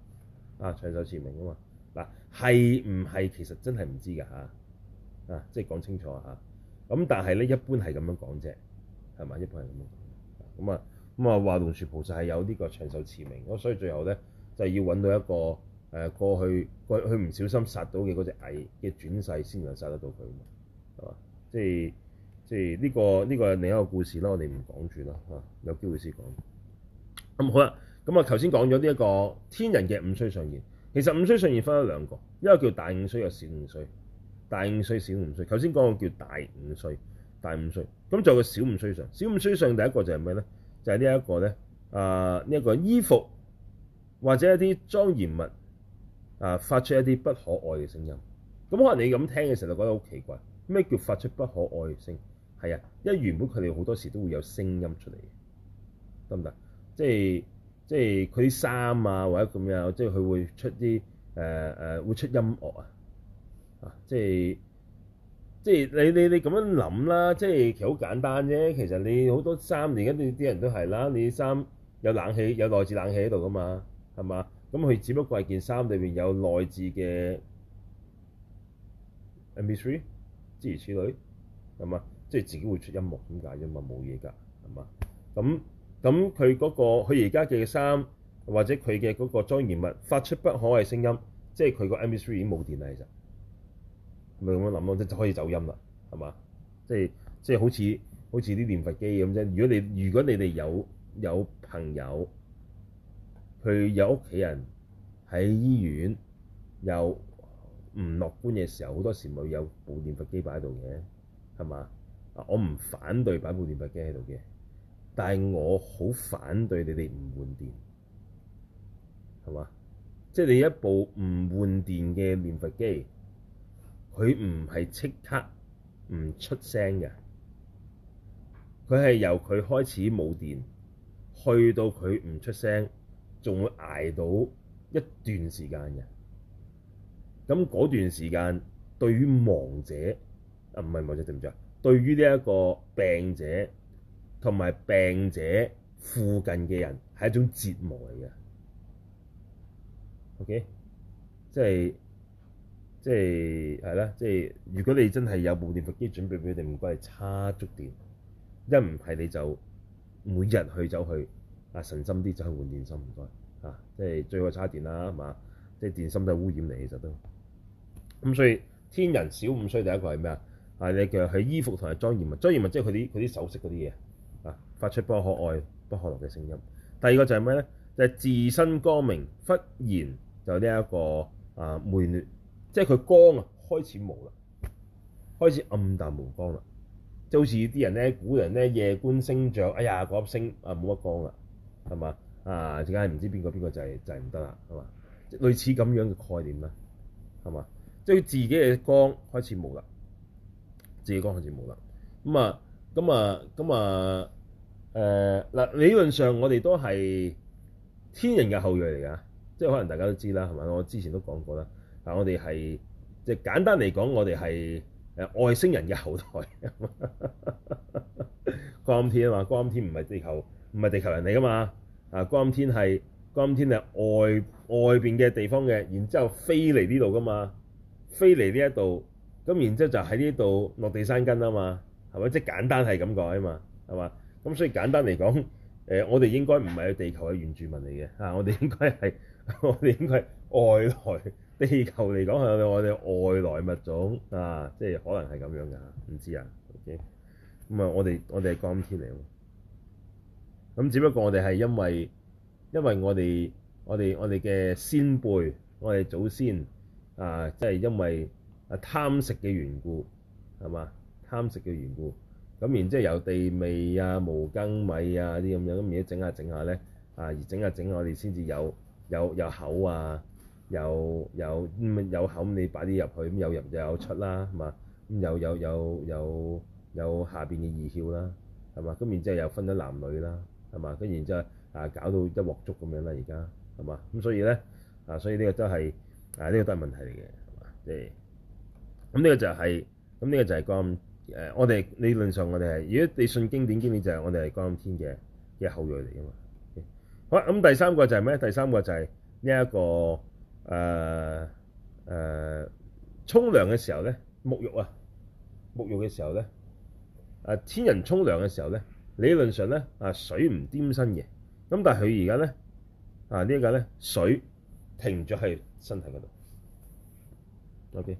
啊，長壽慈名啊嘛。嗱，係唔係其實真係唔知㗎吓，啊，即係講清楚吓。咁但係咧，一般係咁樣講啫，係嘛？一般係咁樣講。咁啊咁啊，話龍樹菩薩係有呢個長壽慈名，咁所以最後咧就係要揾到一個。誒，過去佢佢唔小心殺到嘅嗰隻蟻嘅轉世先能夠殺得到佢啊嘛，係嘛？即係即係呢、呢個呢、呢個另一個故事啦，我哋唔講住啦嚇，有機會先講。咁、嗯、好啦，咁啊頭先講咗呢一個天人嘅五衰相現，其實五衰相現分咗兩個，一個叫大五衰，一個小五衰。大五衰、小五衰，頭先講嘅叫大五衰，大五衰。咁就個小五衰相，小五衰相第一個就係咩咧？就係、是、呢一個咧啊，呢、呃、一、呢個衣服或者一啲莊嚴物。啊！發出一啲不可愛嘅聲音，咁可能你咁聽嘅時候就覺得好奇怪，咩叫發出不可愛嘅聲音？係啊，因為原本佢哋好多時都會有聲音出嚟嘅，得唔得？即係即係佢啲衫啊，或者咁樣，即係佢會出啲誒誒，會出音樂啊，啊！即係即係你你你咁樣諗啦，即係其實好簡單啫。其實你好多衫，而家啲人都係啦，你啲衫有冷氣，有內置冷氣喺度噶嘛，係嘛？咁佢只不過係件衫裏邊有內置嘅 MP3 諸如此類，係嘛？即係自己會出音樂點解啫嘛？冇嘢㗎，係嘛？咁咁佢嗰個佢而家嘅衫或者佢嘅嗰個莊嚴物發出不可嘅聲音，即係佢個 MP3 已經冇電啦，其實咪咁樣諗咯，即就可以走音啦，係嘛？即係即係好似好似啲念佛機咁啫。如果你如果你哋有有朋友。佢有屋企人喺醫院又唔樂觀嘅時候，好多時咪有部電佛機擺喺度嘅，係嘛？啊，我唔反對擺部電佛機喺度嘅，但係我好反對你哋唔換電，係嘛？即係你一部唔換電嘅電佛機，佢唔係即刻唔出聲嘅，佢係由佢開始冇電去到佢唔出聲。仲會捱到一段時間嘅，咁嗰段時間對於亡者啊，唔係亡者，對唔對啊？對於呢一個病者同埋病者附近嘅人係一種折磨嚟嘅。OK，即係即係係啦，即係如果你真係有部電扶機準備俾佢哋，唔該，叉足電。一唔係你就每日去走去。啊！神心啲就係換電心，唔該嚇，即係最好差電啦，係嘛？即係電心都係污染嚟，其實都咁。所以天人小五衰第一個係咩啊？啊！你嘅喺衣服同埋莊嚴物，莊嚴物即係佢啲佢啲首飾嗰啲嘢啊，發出不可愛不可樂嘅聲音。第二個就係咩咧？就係、是、自身光明忽然就呢、這、一個啊，昧劣，即係佢光啊開始冇啦，開始暗淡無光啦，即好似啲人咧，古人咧夜觀星象，哎呀，嗰、那、粒、個、星啊冇乜光啦。係嘛？啊！點解唔知邊個邊個就係、是、就係唔得啦？係嘛？類似咁樣嘅概念啦，係嘛？將、就是、自己嘅光開始冇啦，自己嘅光開始冇啦。咁啊，咁啊，咁啊，誒、呃、嗱理論上我哋都係天人嘅後裔嚟㗎，即係可能大家都知啦，係咪？我之前都講過啦，但我哋係即係簡單嚟講，我哋係誒外星人嘅後代，光天啊嘛，光天唔係地球。唔係地球人嚟噶嘛？啊，光音天係光音天係外外邊嘅地方嘅，然之後飛嚟呢度噶嘛？飛嚟呢一度，咁然之後就喺呢度落地生根啊嘛？係咪？即係簡單係咁講啊嘛？係嘛？咁所以簡單嚟講，誒、呃，我哋應該唔係地球嘅原住民嚟嘅嚇，我哋應該係我哋應該係外來地球嚟講係我哋外來物種啊，即係可能係咁樣嘅嚇，唔知啊？O K，咁啊，我哋我哋係光音天嚟。咁只不過我哋係因為因為我哋我哋我哋嘅先輩，我哋祖先啊，即係因為啊貪食嘅緣故係嘛，貪食嘅緣故，咁然之後由地味啊、毛粳米啊啲咁樣咁嘢整下整下咧啊，而整下整下我哋先至有有有口啊，有有有口你擺啲入去咁，有入又有出啦係嘛，咁有有有有有下邊嘅二竅啦係嘛，咁然之後又分咗男女啦。係嘛？跟然之後啊，搞到一鍋粥咁樣啦！而家係嘛？咁所以咧啊，所以呢個都係啊，呢、這個、都係問題嚟嘅，係嘛？即係咁呢個就係咁呢個就係、呃、我哋理論上我哋係，如果你信經典，經典就係我哋係光音天嘅嘅後裔嚟㗎嘛。好啦，咁第三個就係咩？第三個就係呢一個沖涼嘅時候咧，沐浴啊，沐浴嘅時候咧，啊，天人沖涼嘅時候咧。理論上咧啊，水唔沾身嘅。咁但係佢而家咧啊，呢個咧，水停咗喺身體嗰度。O.K.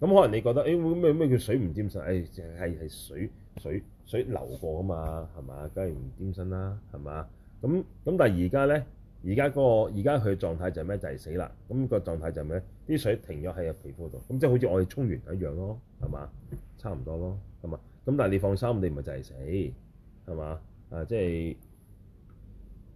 咁可能你覺得，誒咩咩叫水唔沾身？誒係係水水水流過啊嘛，係嘛，梗係唔沾身啦，係嘛？咁咁但係而家咧，而家嗰個而家佢嘅狀態就係咩？就係死啦。咁個狀態就係咩？啲水停咗喺個皮膚度。咁即係好似我哋沖完一樣咯，係嘛？差唔多咯，係嘛？咁但係你放心，你咪就係死。係嘛？啊，即係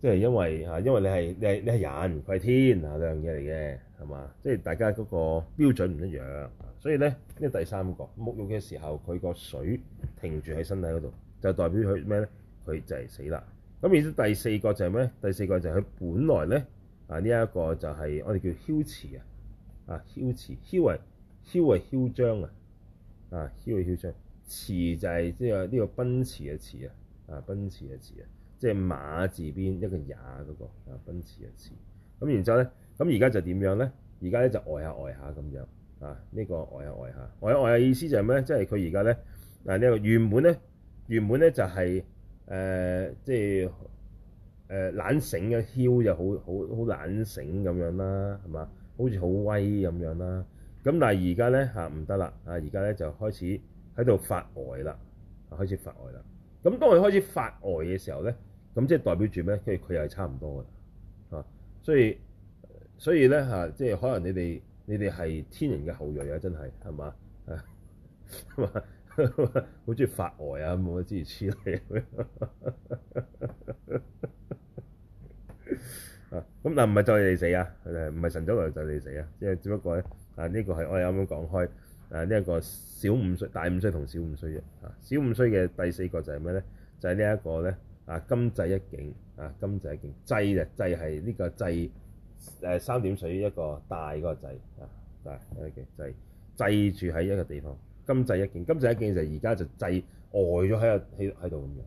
即係因為啊，因為你係你係你係人，佢係天啊，兩樣嘢嚟嘅，係嘛？即係大家嗰個標準唔一樣，啊、所以咧呢第三個沐浴嘅時候，佢個水停住喺身體嗰度，就代表佢咩咧？佢就係死啦。咁然之後第四個就係咩？第四個就係佢本來咧啊，呢一、這個就係我哋叫囂馳啊，啊囂馳，囂係囂係囂張啊，啊囂係囂張，馳就係即係呢個奔馳嘅馳啊。啊！奔馳嘅馳啊，即係馬字邊一個也嗰、那個啊！奔馳嘅馳咁，然之後咧，咁而家就點樣咧？而家咧就呆下呆下咁樣啊！樣呢呆呆呆呆呆呆呆啊、這個呆下呆下呆下呆嘅意思就係咩咧？即係佢而家咧嗱呢、啊這個、原本咧，原本咧就係、是呃、即係懶、呃、醒嘅囂就好好好懶醒咁樣啦，係嘛？好似好威咁樣啦。咁但係而家咧吓唔得啦啊！而家咧就開始喺度發呆啦、啊，開始發呆啦。咁當佢開始發呆嘅時候咧，咁即係代表住咩？跟住佢又係差唔多嘅，嚇！所以所以咧嚇，即係可能你哋你哋係天然嘅後裔啊，真係係嘛？係嘛？好中意發呆啊！冇乜知而黐嚟啊！啊咁嗱，唔係就係你死啊，唔係神走嚟就你死啊！即係只不過咧啊呢個係我哋啱啱講開。誒呢一個小五衰、大五衰同小五衰嘅、啊、小五衰嘅第四個就係咩咧？就係、是、呢一個咧啊，今滯一境啊，今滯一境，滯就滯係呢、這個滯誒、啊、三點水一個大個滯啊，大一境滯，滯住喺一個地方，今滯一境，今滯一境就而家就滯呆咗喺個喺喺度咁樣，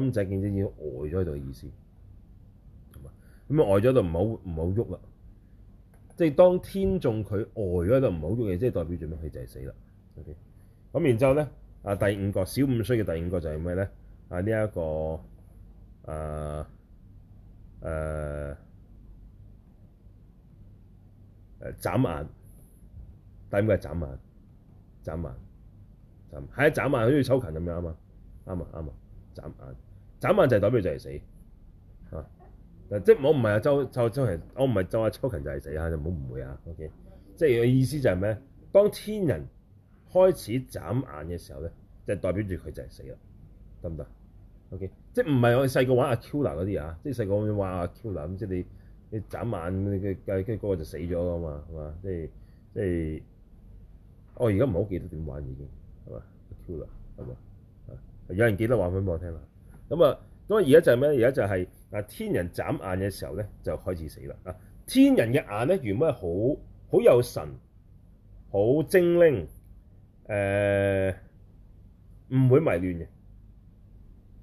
今滯一境即係呆咗喺度嘅意思，係、啊、嘛？咁啊呆咗就唔好唔好喐啦。即係當天仲佢呆喺度唔好中嘢，即係代表做咩？佢就係死啦。咁然之後咧，啊，第五個小五衰嘅第五個就係咩咧？啊，呢一個啊，誒誒眨眼，第五個係眨眼，眨眼，眨係啊，眨眼好似抽筋咁樣啊嘛，啱啊啱啊眨眼，眨眼就係代表就係死。即係我唔係啊，周周我周我唔係就阿秋勤就係死啊，就唔好誤會啊。Okay，即係意思就係咩咧？當天人開始眨眼嘅時候咧，就係，代表住佢就係死啦，得唔得？OK，即係唔係我細個玩阿 Q 啦嗰啲啊，即係細個玩阿 Q 啦，即係你你眨眼，跟嗰個就死咗咯嘛，係嘛？即係即係，我而家唔好記得點玩已經，係嘛？Q 啦，係嘛？有人記得話翻俾我聽嘛？咁啊，而家就係咩？而家就係、是。啊！天人眨眼嘅時候咧，就開始死啦！啊，天人嘅眼咧原本係好好有神、好精靈，誒、呃、唔會迷亂嘅，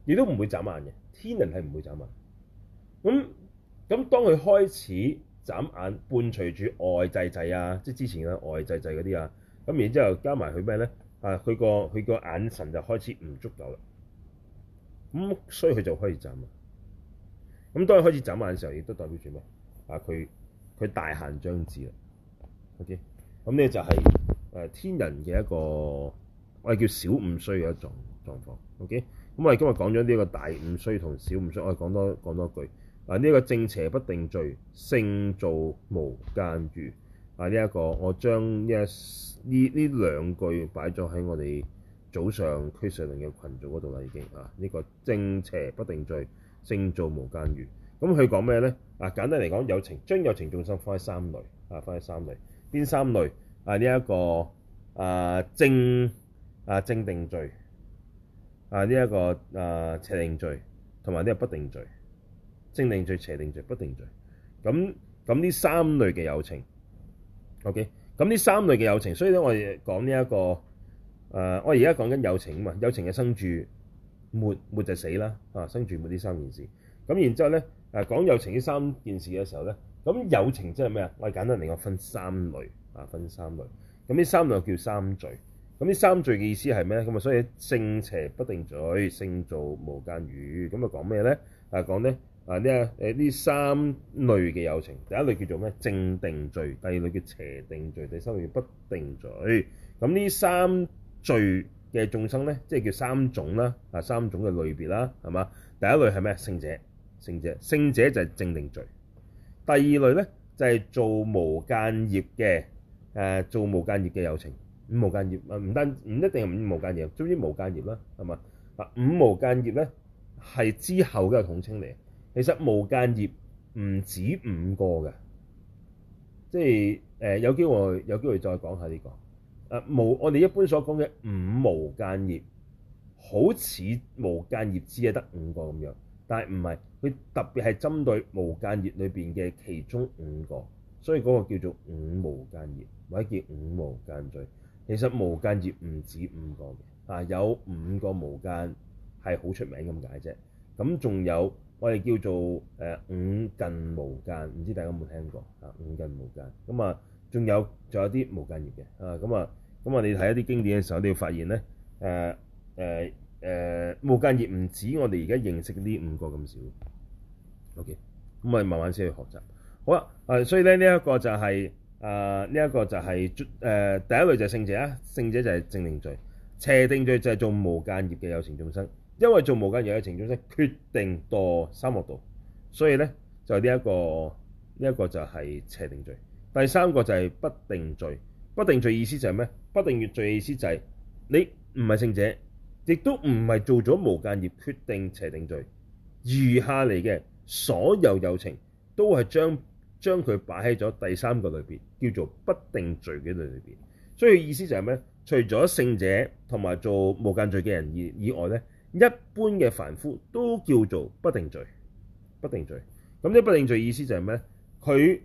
亦都唔會眨眼嘅。天人係唔會眨眼的。咁咁，當佢開始眨眼，伴隨住外祭祭啊，即係之前嘅外祭祭嗰啲啊，咁然之後加埋佢咩咧？啊，佢、佢個佢個眼神就開始唔足夠啦。咁所以佢就開始眨眼。咁當佢開始眨眼嘅時候，亦都代表住咩？啊，佢佢大限將至啦。OK，咁呢就係天人嘅一個，我哋叫小五衰嘅一種狀況。OK，咁我哋今日講咗呢個大五衰同小五衰，我哋講多講多句。啊，呢、這個正邪不定聚，聖造無間餘。啊，呢、這、一個我將一呢呢兩句擺咗喺我哋早上區上嘅群組嗰度啦，已經啊，呢、這個正邪不定聚。聖造無間餘。咁佢講咩咧？啊，簡單嚟講，有情將有情重心分三類，啊，放喺三類。邊三類？啊，呢、這、一個啊正啊正定聚，啊呢一、這個啊邪定聚，同埋呢個不定聚。正定聚、邪定聚、不定聚。咁咁呢三類嘅有情。OK。咁呢三類嘅有情，所以咧我哋講呢、這、一個誒、啊，我而家講緊有情啊嘛，有情嘅生住。沒沒就死啦，啊生住沒呢三件事，咁然之後咧誒講有情呢三件事嘅時候咧，咁有情即係咩啊？我簡單嚟講分三類啊，分三類，咁呢三,三類叫三聚，咁呢三聚嘅意思係咩咧？咁啊所以正邪不定聚，聖造無間餘，咁啊講咩咧？啊講咧啊呢啊誒呢三類嘅有情，第一類叫做咩？正定聚，第二類叫邪定聚，第三類叫不定聚，咁呢三聚，嘅眾生咧，即係叫三種啦，啊三種嘅類別啦，係嘛？第一類係咩？聖者，聖者，聖者就係正定聚。第二類咧就係、是、做無間業嘅、啊，做無間業嘅有情，五無間業啊，唔單唔一定係五無間業，總之無間業啦，係嘛？啊五無間業咧係之後嘅統稱嚟，其實無間業唔止五個嘅，即係、呃、有機會有機會再講下呢、這個。誒無，我哋一般所講嘅五無間業，好似無間業只係得五個咁樣，但係唔係，佢特別係針對無間業裏邊嘅其中五個，所以嗰個叫做五無間業，或者叫五無間罪。其實無間業唔止五個嘅，啊有五個無間係好出名咁解啫。咁仲有我哋叫做誒五近無間，唔知大家有冇聽過啊？五近無間咁啊，仲有仲有啲無間業嘅啊咁啊。咁我哋睇一啲經典嘅時候，你要發現咧，誒誒誒，無間業唔止我哋而家認識呢五個咁少，OK，咁我哋慢慢先去學習。好啦，誒，所以咧，呢一個就係、是、誒，呢、呃、一、這個就係、是、誒、呃，第一類就係聖者啦，聖者就係正定聚，邪定聚就係做無間業嘅有情眾生，因為做無間業有情眾生決定墮三惡道。所以咧就呢、這、一個呢一、這個就係邪定聚，第三個就係不定聚。不定聚意思就係咩？不定業聚意思就係你唔係聖者，亦都唔係做咗無間業決定邪定聚。餘下嚟嘅所有有情都是，都係將將佢擺喺咗第三個裏邊，叫做不定聚嘅裏邊。所以意思就係咩？除咗聖者同埋做無間罪嘅人以以外咧，一般嘅凡夫都叫做不定聚。不定聚。咁呢不定聚意思就係咩？佢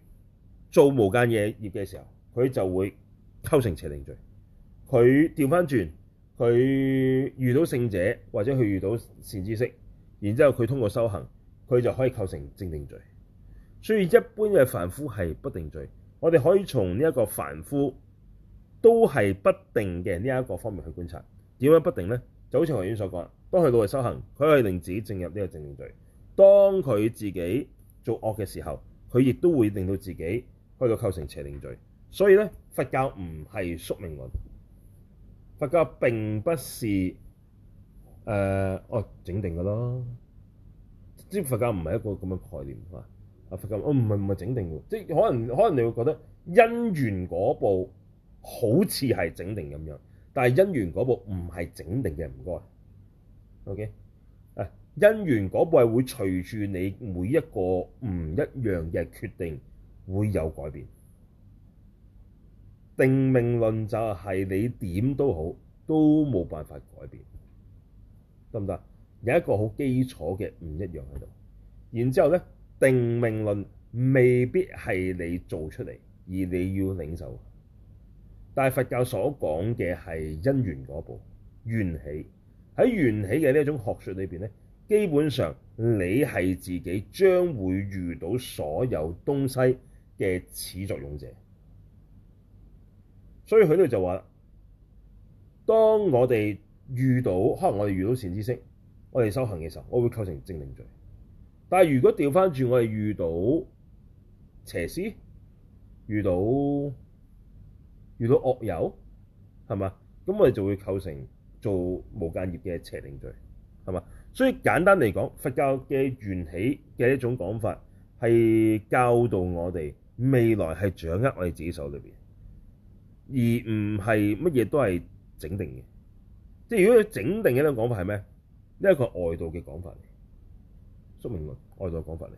做無間嘢業嘅時候，佢就會。構成邪定聚，佢調翻轉，佢遇到聖者或者佢遇到善知識，然之後佢通過修行，佢就可以構成正定聚。所以一般嘅凡夫係不定聚。我哋可以從呢一個凡夫都係不定嘅呢一個方面去觀察點樣不定呢？就好似學院所講，當佢努力修行，佢可以令自己進入呢個正定聚；當佢自己做惡嘅時候，佢亦都會令到自己可以構成邪定聚。所以咧，佛教唔係宿命論，佛教並不是誒、呃、哦整定噶咯，即係佛教唔係一個咁樣嘅概念啊！啊佛教我唔係唔係整定嘅，即係可能可能你會覺得因緣果報好似係整定咁樣，但係因緣果報唔係整定嘅，唔該。OK，啊因緣果報係會隨住你每一個唔一樣嘅決定會有改變。定命論就係你點都好都冇辦法改變，得唔得？有一個好基礎嘅唔一樣喺度。然之後呢，定命論未必係你做出嚟，而你要領受。但佛教所講嘅係因緣嗰部緣起，喺緣起嘅呢種學術裏邊呢，基本上你係自己將會遇到所有東西嘅始作俑者。所以佢哋就話：當我哋遇到，可能我哋遇到善知識，我哋修行嘅時候，我會構成正定聚；但係如果調翻轉，我哋遇到邪師，遇到遇到惡友，係嘛？咁我哋就會構成做無間業嘅邪定聚，係嘛？所以簡單嚟講，佛教嘅緣起嘅一種講法，係教導我哋未來係掌握我哋自己手裏面。」而唔係乜嘢都係整定嘅，即係如果佢整定嘅呢種講法係咩？呢一個外道嘅講法嚟，宿命論外道講法嚟。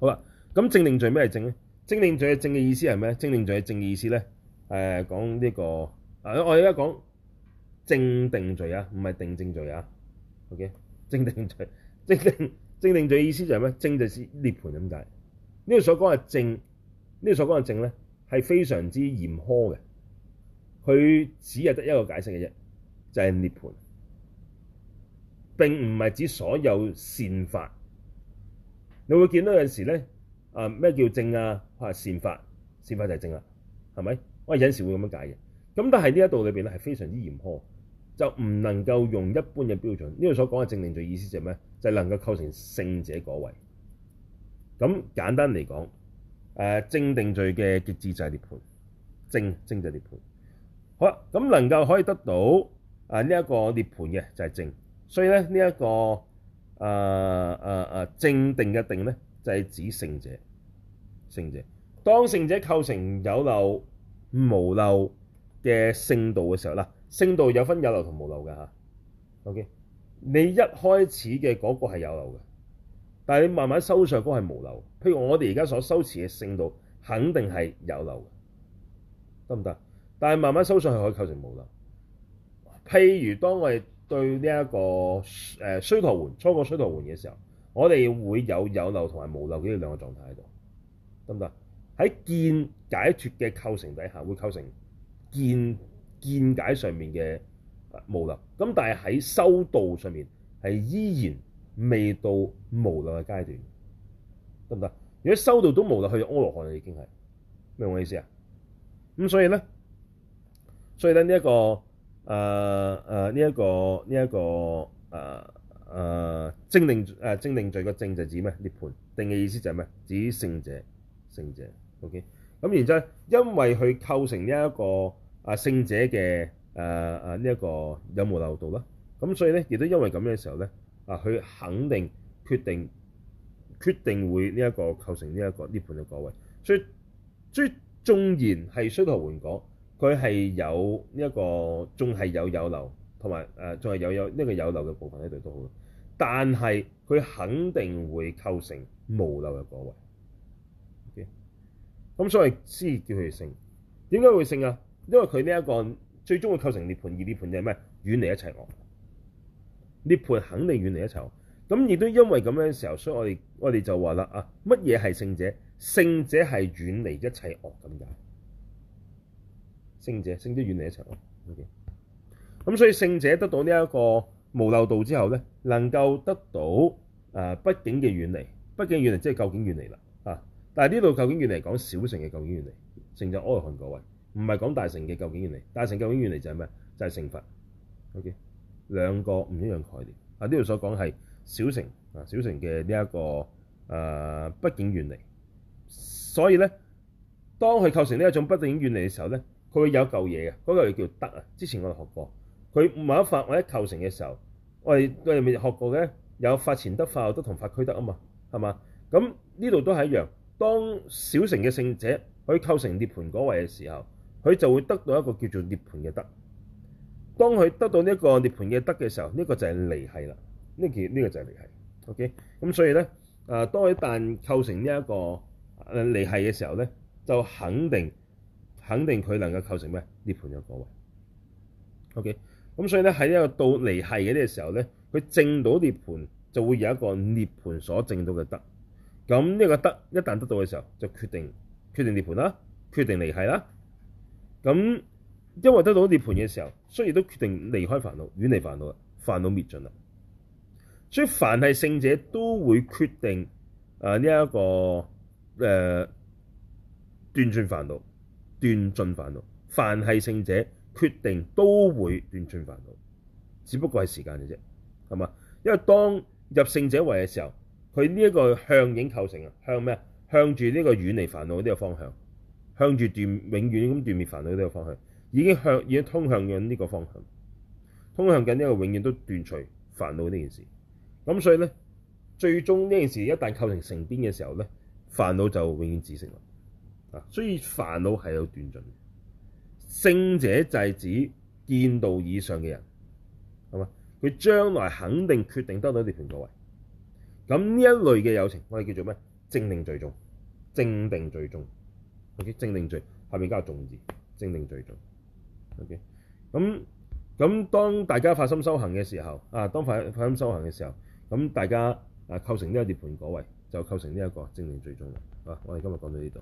好啦，咁正定聚咩係正咧？正定聚嘅正嘅意思係咩？正定聚嘅正嘅意思咧，誒、呃、講呢、這個，呃、我而家講正定聚啊，唔係定正聚啊。O、okay? K，正定聚，正定正定聚嘅意思就係咩？正就係涅槃咁解？呢個所講嘅正，正呢個所講嘅正咧，係非常之嚴苛嘅，佢只係得一個解釋嘅啫，就係涅槃。並唔係指所有善法。你會見到有時咧，啊、呃、咩叫正啊？話善法，善法就係正啦、啊，係咪？我係有時候會咁樣解嘅。咁但係呢一度裏邊咧，係非常之嚴苛，就唔能夠用一般嘅標準。呢度所講嘅正定聚的意思就係咩？就係、是、能夠構成聖者嗰位。咁簡單嚟講。誒、啊、正定罪嘅極致就係涅槃，正正就係涅槃。好啦，咁能夠可以得到誒呢一個涅槃嘅就係正。所以咧呢一、這個誒誒、啊啊、正定嘅定咧就係、是、指聖者，聖者。當聖者構成有漏無漏嘅聖道嘅時候啦，聖道有分有漏同無漏嘅嚇。OK，你一開始嘅嗰個係有漏嘅，但係你慢慢收上嗰個係無漏。譬如我哋而家所修持嘅聖道，肯定係有漏嘅，得唔得？但係慢慢修上去可以構成無漏。譬如當我哋對呢、這、一個誒須、呃、陀洹初果須陀洹嘅時候，我哋會有有漏同埋無漏呢兩個狀態喺度，得唔得？喺見解脫嘅構成底下，會構成見見解上面嘅無漏。咁但係喺修道上面係依然未到無漏嘅階段。得唔得？如果收到都冇啦，去阿羅漢已經係，明白我意思啊？咁所以咧，所以咧呢一個誒誒呢一個呢一個誒誒正定誒正定聚嘅正就指咩？涅槃定嘅意思就係咩？指聖者聖者，聖者。OK，咁、嗯、然之後，因為佢構成呢一個啊聖者嘅誒誒呢一個有無漏道啦，咁所以咧亦都因為咁嘅時候咧啊，佢肯定決定。決定會呢、這、一個構成呢、這個、一個涅槃嘅果位所，所以所以縱然係須陀洹果，佢係有呢、這、一個仲係有有漏，同埋誒仲係有有呢、這個有漏嘅部分喺度都好，但係佢肯定會構成無漏嘅果位。咁、okay? 所以先叫佢哋聖，點解會聖啊？因為佢呢一個最終會構成涅槃，而涅槃就係咩？遠離一切我涅槃肯定遠離一切咁亦都因為咁樣嘅時候，所以我哋我哋就話啦啊，乜嘢係聖者？聖者係遠離一切惡咁解。聖者聖者遠離一切惡。O.K. 咁所以聖者得到呢一個無漏道之後咧，能夠得到誒畢竟嘅遠離，畢竟遠離即係究竟遠離啦啊。但係呢度究竟遠離講小乘嘅究竟遠離，聖者阿羅漢位唔係講大乘嘅究竟遠離。大乘究竟遠離就係咩？就係、是、成佛。O.K. 兩個唔一樣概念啊。呢度所講係。小城啊，小城嘅呢一個誒畢、呃、竟遠離，所以咧，當佢構成呢一種畢竟遠離嘅時候咧，佢會有嚿嘢嘅嗰嚿嘢叫得啊。之前我哋學過，佢唔係一法或者構成嘅時候，我哋我哋未學過嘅有法前得、法後得同法區得啊嘛，係嘛？咁呢度都係一樣。當小城嘅聖者可以構成涅槃嗰位嘅時候，佢就會得到一個叫做涅槃嘅得。當佢得到呢一個涅槃嘅得嘅時候，呢、呢個就係離繫啦。呢件呢個就係離繫，OK 咁，所以咧，誒當一旦構成呢一個誒離繫嘅時候咧，就肯定肯定佢能夠構成咩涅槃嘅位，OK 咁，所以咧喺呢個到離繫嗰啲嘅時候咧，佢證到涅槃，就會有一個涅槃所證到嘅得。咁呢個得，一旦得到嘅時候，就決定決定涅槃啦，決定離繫啦。咁因為得到涅槃嘅時候，雖然都決定離開煩惱，遠離煩惱啦，煩惱滅盡啦。所以凡係聖者都會決定，啊呢一個誒斷絕煩惱、斷盡煩惱。凡係聖者決定都會斷絕煩惱，只不過係時間嘅啫，係嘛？因為當入聖者位嘅時候，佢呢一個向影構成啊，向咩啊？向住呢個遠離煩惱呢個方向，向住斷永遠咁斷滅煩惱呢個方向，已經向已經通向緊呢個方向，通向緊呢個永遠都斷除煩惱呢件事。咁所以咧，最終呢件事一旦構成成邊嘅時候咧，煩惱就永遠止息啦。啊，所以煩惱係有斷盡嘅。聖者就係指見道以上嘅人，係嘛？佢將來肯定決定得到涅槃果位。咁呢一類嘅有情，我哋叫做咩？正定聚眾，正定聚眾 O.K. 正定聚，下面加個眾字，正定聚眾 O.K. 咁咁當大家發心修行嘅時候，啊，當發發心修行嘅時候。咁大家啊構成呢個涅槃果位，就構成呢一個正性定聚嘅啊！我哋今日講到呢度。